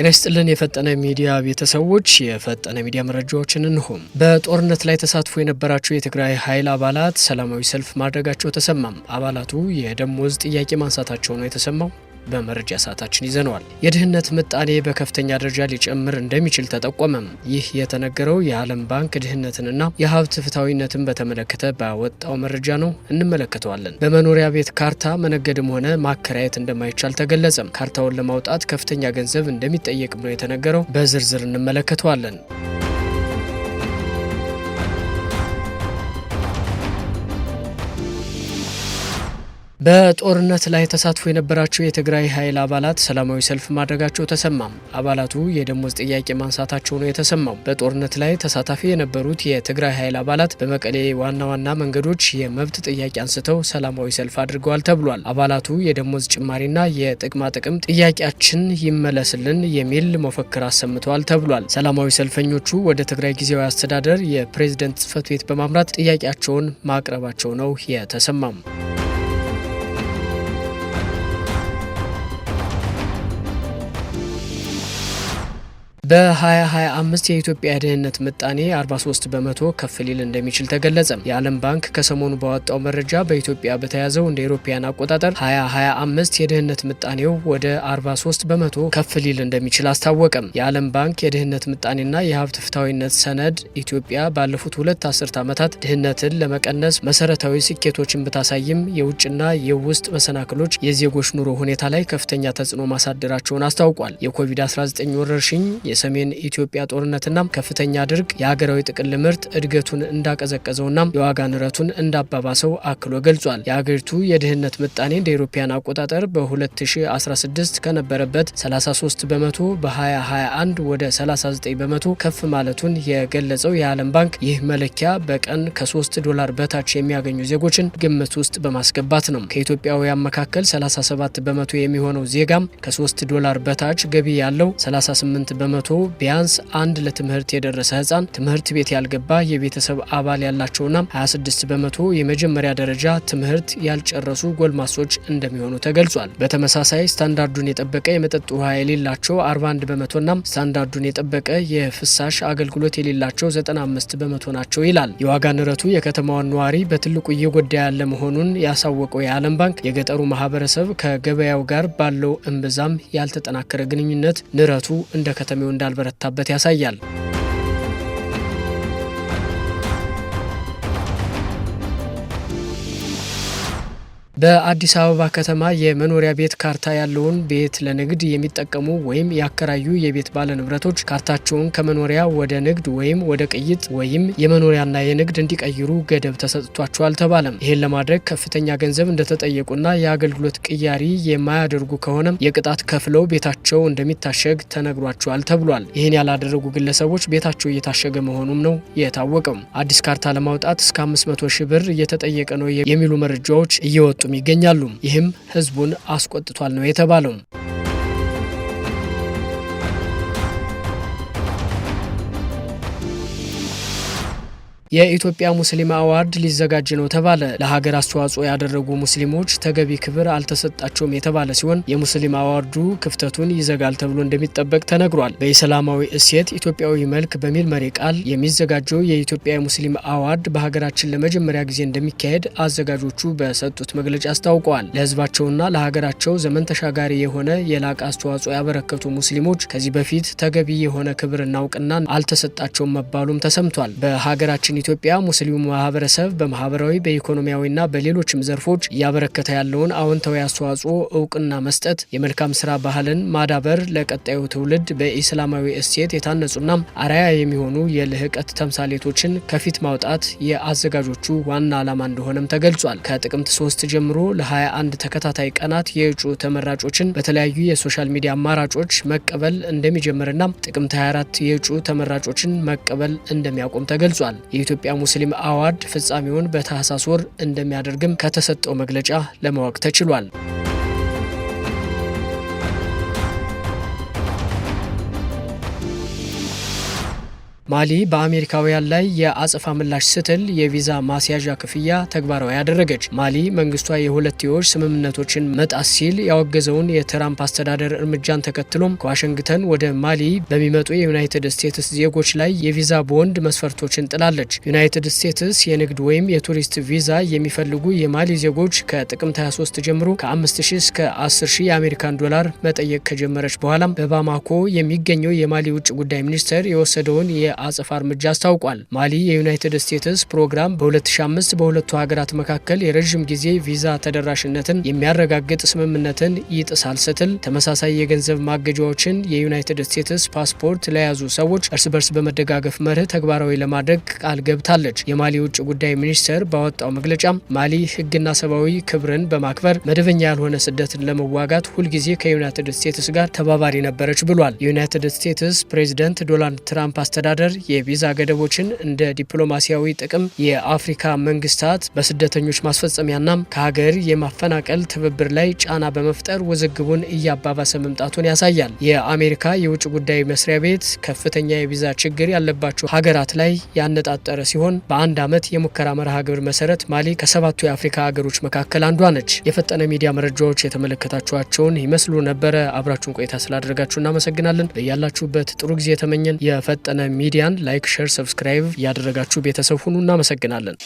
ጤና ይስጥልን የፈጠነ ሚዲያ ቤተሰቦች፣ የፈጠነ ሚዲያ መረጃዎችን እንሆም። በጦርነት ላይ ተሳትፎ የነበራቸው የትግራይ ኃይል አባላት ሰላማዊ ሰልፍ ማድረጋቸው ተሰማም። አባላቱ የደሞዝ ጥያቄ ማንሳታቸው ነው የተሰማው። በመረጃ ሰዓታችን ይዘነዋል። የድህነት ምጣኔ በከፍተኛ ደረጃ ሊጨምር እንደሚችል ተጠቆመም። ይህ የተነገረው የዓለም ባንክ ድህነትንና የሀብት ፍትሐዊነትን በተመለከተ ባወጣው መረጃ ነው። እንመለከተዋለን። በመኖሪያ ቤት ካርታ መነገድም ሆነ ማከራየት እንደማይቻል ተገለጸም። ካርታውን ለማውጣት ከፍተኛ ገንዘብ እንደሚጠየቅም ነው የተነገረው። በዝርዝር እንመለከተዋለን። በጦርነት ላይ ተሳትፎ የነበራቸው የትግራይ ኃይል አባላት ሰላማዊ ሰልፍ ማድረጋቸው ተሰማም። አባላቱ የደሞዝ ጥያቄ ማንሳታቸው ነው የተሰማው። በጦርነት ላይ ተሳታፊ የነበሩት የትግራይ ኃይል አባላት በመቀሌ ዋና ዋና መንገዶች የመብት ጥያቄ አንስተው ሰላማዊ ሰልፍ አድርገዋል ተብሏል። አባላቱ የደሞዝ ጭማሪና የጥቅማ ጥቅም ጥያቄያችን ይመለስልን የሚል መፈክር አሰምተዋል ተብሏል። ሰላማዊ ሰልፈኞቹ ወደ ትግራይ ጊዜያዊ አስተዳደር የፕሬዝደንት ጽህፈት ቤት በማምራት ጥያቄያቸውን ማቅረባቸው ነው የተሰማም። በ2025 የኢትዮጵያ የድህነት ምጣኔ 43 በመቶ ከፍ ሊል እንደሚችል ተገለጸ። የዓለም ባንክ ከሰሞኑ ባወጣው መረጃ በኢትዮጵያ በተያዘው እንደ ኤሮፓያን አቆጣጠር 2025 የድህነት ምጣኔው ወደ 43 በመቶ ከፍ ሊል እንደሚችል አስታወቀም። የዓለም ባንክ የድህነት ምጣኔና የሀብት ፍታዊነት ሰነድ ኢትዮጵያ ባለፉት ሁለት አስርት ዓመታት ድህነትን ለመቀነስ መሰረታዊ ስኬቶችን ብታሳይም የውጭና የውስጥ መሰናክሎች የዜጎች ኑሮ ሁኔታ ላይ ከፍተኛ ተጽዕኖ ማሳደራቸውን አስታውቋል። የኮቪድ-19 ወረርሽኝ የሰሜን ኢትዮጵያ ጦርነትና ከፍተኛ ድርቅ የሀገራዊ ጥቅል ምርት እድገቱን እንዳቀዘቀዘውና የዋጋ ንረቱን እንዳባባሰው አክሎ ገልጿል። የሀገሪቱ የድህነት ምጣኔ እንደ ኢሮፓያን አቆጣጠር በ2016 ከነበረበት 33 በመቶ በ2021 ወደ 39 በመቶ ከፍ ማለቱን የገለጸው የዓለም ባንክ ይህ መለኪያ በቀን ከ3 ዶላር በታች የሚያገኙ ዜጎችን ግምት ውስጥ በማስገባት ነው። ከኢትዮጵያውያን መካከል 37 በመቶ የሚሆነው ዜጋም ከ3 ዶላር በታች ገቢ ያለው 38 በመቶ ቢያንስ አንድ ለትምህርት የደረሰ ህጻን ትምህርት ቤት ያልገባ የቤተሰብ አባል ያላቸውና 26 በመቶ የመጀመሪያ ደረጃ ትምህርት ያልጨረሱ ጎልማሶች እንደሚሆኑ ተገልጿል። በተመሳሳይ ስታንዳርዱን የጠበቀ የመጠጥ ውሃ የሌላቸው 41 በመቶና ስታንዳርዱን የጠበቀ የፍሳሽ አገልግሎት የሌላቸው 95 በመቶ ናቸው ይላል። የዋጋ ንረቱ የከተማዋን ነዋሪ በትልቁ እየጎዳ ያለ መሆኑን ያሳወቀው የዓለም ባንክ የገጠሩ ማህበረሰብ ከገበያው ጋር ባለው እምብዛም ያልተጠናከረ ግንኙነት ንረቱ እንደ ከተሜው እንዳልበረታበት ያሳያል። በአዲስ አበባ ከተማ የመኖሪያ ቤት ካርታ ያለውን ቤት ለንግድ የሚጠቀሙ ወይም ያከራዩ የቤት ባለንብረቶች ካርታቸውን ከመኖሪያ ወደ ንግድ ወይም ወደ ቅይጥ ወይም የመኖሪያና የንግድ እንዲቀይሩ ገደብ ተሰጥቷቸው አልተባለም። ይህን ለማድረግ ከፍተኛ ገንዘብ እንደተጠየቁና የአገልግሎት ቅያሪ የማያደርጉ ከሆነም የቅጣት ከፍለው ቤታቸው እንደሚታሸግ ተነግሯቸዋል ተብሏል። ይህን ያላደረጉ ግለሰቦች ቤታቸው እየታሸገ መሆኑም ነው የታወቀም። አዲስ ካርታ ለማውጣት እስከ 500 ሺህ ብር እየተጠየቀ ነው የሚሉ መረጃዎች እየወጡ ይገኛሉ። ይህም ህዝቡን አስቆጥቷል ነው የተባለው። የኢትዮጵያ ሙስሊም አዋርድ ሊዘጋጅ ነው ተባለ። ለሀገር አስተዋጽኦ ያደረጉ ሙስሊሞች ተገቢ ክብር አልተሰጣቸውም የተባለ ሲሆን የሙስሊም አዋርዱ ክፍተቱን ይዘጋል ተብሎ እንደሚጠበቅ ተነግሯል። በኢስላማዊ እሴት ኢትዮጵያዊ መልክ በሚል መሪ ቃል የሚዘጋጀው የኢትዮጵያ ሙስሊም አዋርድ በሀገራችን ለመጀመሪያ ጊዜ እንደሚካሄድ አዘጋጆቹ በሰጡት መግለጫ አስታውቀዋል። ለህዝባቸውና ለሀገራቸው ዘመን ተሻጋሪ የሆነ የላቀ አስተዋጽኦ ያበረከቱ ሙስሊሞች ከዚህ በፊት ተገቢ የሆነ ክብርና እውቅና አልተሰጣቸውም መባሉም ተሰምቷል። በሀገራችን ኢትዮጵያ ሙስሊሙ ማህበረሰብ በማህበራዊ በኢኮኖሚያዊና በሌሎችም ዘርፎች እያበረከተ ያለውን አዎንታዊ አስተዋጽኦ እውቅና መስጠት፣ የመልካም ስራ ባህልን ማዳበር ለቀጣዩ ትውልድ በኢስላማዊ እሴት የታነጹና አርአያ የሚሆኑ የልህቀት ተምሳሌቶችን ከፊት ማውጣት የአዘጋጆቹ ዋና ዓላማ እንደሆነም ተገልጿል። ከጥቅምት ሶስት ጀምሮ ለ21 ተከታታይ ቀናት የእጩ ተመራጮችን በተለያዩ የሶሻል ሚዲያ አማራጮች መቀበል እንደሚጀምርና ጥቅምት 24 የእጩ ተመራጮችን መቀበል እንደሚያቆም ተገልጿል። የኢትዮጵያ ሙስሊም አዋርድ ፍጻሜውን በታህሳስ ወር እንደሚያደርግም ከተሰጠው መግለጫ ለማወቅ ተችሏል። ማሊ በአሜሪካውያን ላይ የአጸፋ ምላሽ ስትል የቪዛ ማስያዣ ክፍያ ተግባራዊ አደረገች። ማሊ መንግስቷ የሁለትዮሽ ስምምነቶችን መጣስ ሲል ያወገዘውን የትራምፕ አስተዳደር እርምጃን ተከትሎም ከዋሽንግተን ወደ ማሊ በሚመጡ የዩናይትድ ስቴትስ ዜጎች ላይ የቪዛ ቦንድ መስፈርቶችን ጥላለች። ዩናይትድ ስቴትስ የንግድ ወይም የቱሪስት ቪዛ የሚፈልጉ የማሊ ዜጎች ከጥቅምት 23 ጀምሮ ከ5000 እስከ 10000 የአሜሪካን ዶላር መጠየቅ ከጀመረች በኋላም በባማኮ የሚገኘው የማሊ ውጭ ጉዳይ ሚኒስቴር የወሰደውን የ አጽፋ እርምጃ አስታውቋል። ማሊ የዩናይትድ ስቴትስ ፕሮግራም በ2005 በሁለቱ ሀገራት መካከል የረዥም ጊዜ ቪዛ ተደራሽነትን የሚያረጋግጥ ስምምነትን ይጥሳል ስትል ተመሳሳይ የገንዘብ ማገጃዎችን የዩናይትድ ስቴትስ ፓስፖርት ለያዙ ሰዎች እርስ በርስ በመደጋገፍ መርህ ተግባራዊ ለማድረግ ቃል ገብታለች። የማሊ ውጭ ጉዳይ ሚኒስቴር ባወጣው መግለጫ ማሊ ህግና ሰብአዊ ክብርን በማክበር መደበኛ ያልሆነ ስደትን ለመዋጋት ሁልጊዜ ከዩናይትድ ስቴትስ ጋር ተባባሪ ነበረች ብሏል። የዩናይትድ ስቴትስ ፕሬዚደንት ዶናልድ ትራምፕ አስተዳደር በመደራደር የቪዛ ገደቦችን እንደ ዲፕሎማሲያዊ ጥቅም የአፍሪካ መንግስታት በስደተኞች ማስፈጸሚያና ከሀገር የማፈናቀል ትብብር ላይ ጫና በመፍጠር ውዝግቡን እያባባሰ መምጣቱን ያሳያል። የአሜሪካ የውጭ ጉዳይ መስሪያ ቤት ከፍተኛ የቪዛ ችግር ያለባቸው ሀገራት ላይ ያነጣጠረ ሲሆን በአንድ ዓመት የሙከራ መርሃ ግብር መሰረት ማሊ ከሰባቱ የአፍሪካ ሀገሮች መካከል አንዷ ነች። የፈጠነ ሚዲያ መረጃዎች የተመለከታችኋቸውን ይመስሉ ነበረ። አብራችሁን ቆይታ ስላደረጋችሁ እናመሰግናለን። በያላችሁበት ጥሩ ጊዜ የተመኘን የፈጠነ ሚዲያ ሚዲያን ላይክ፣ ሸር፣ ሰብስክራይብ ያደረጋችሁ ቤተሰብ ሁኑ። እናመሰግናለን።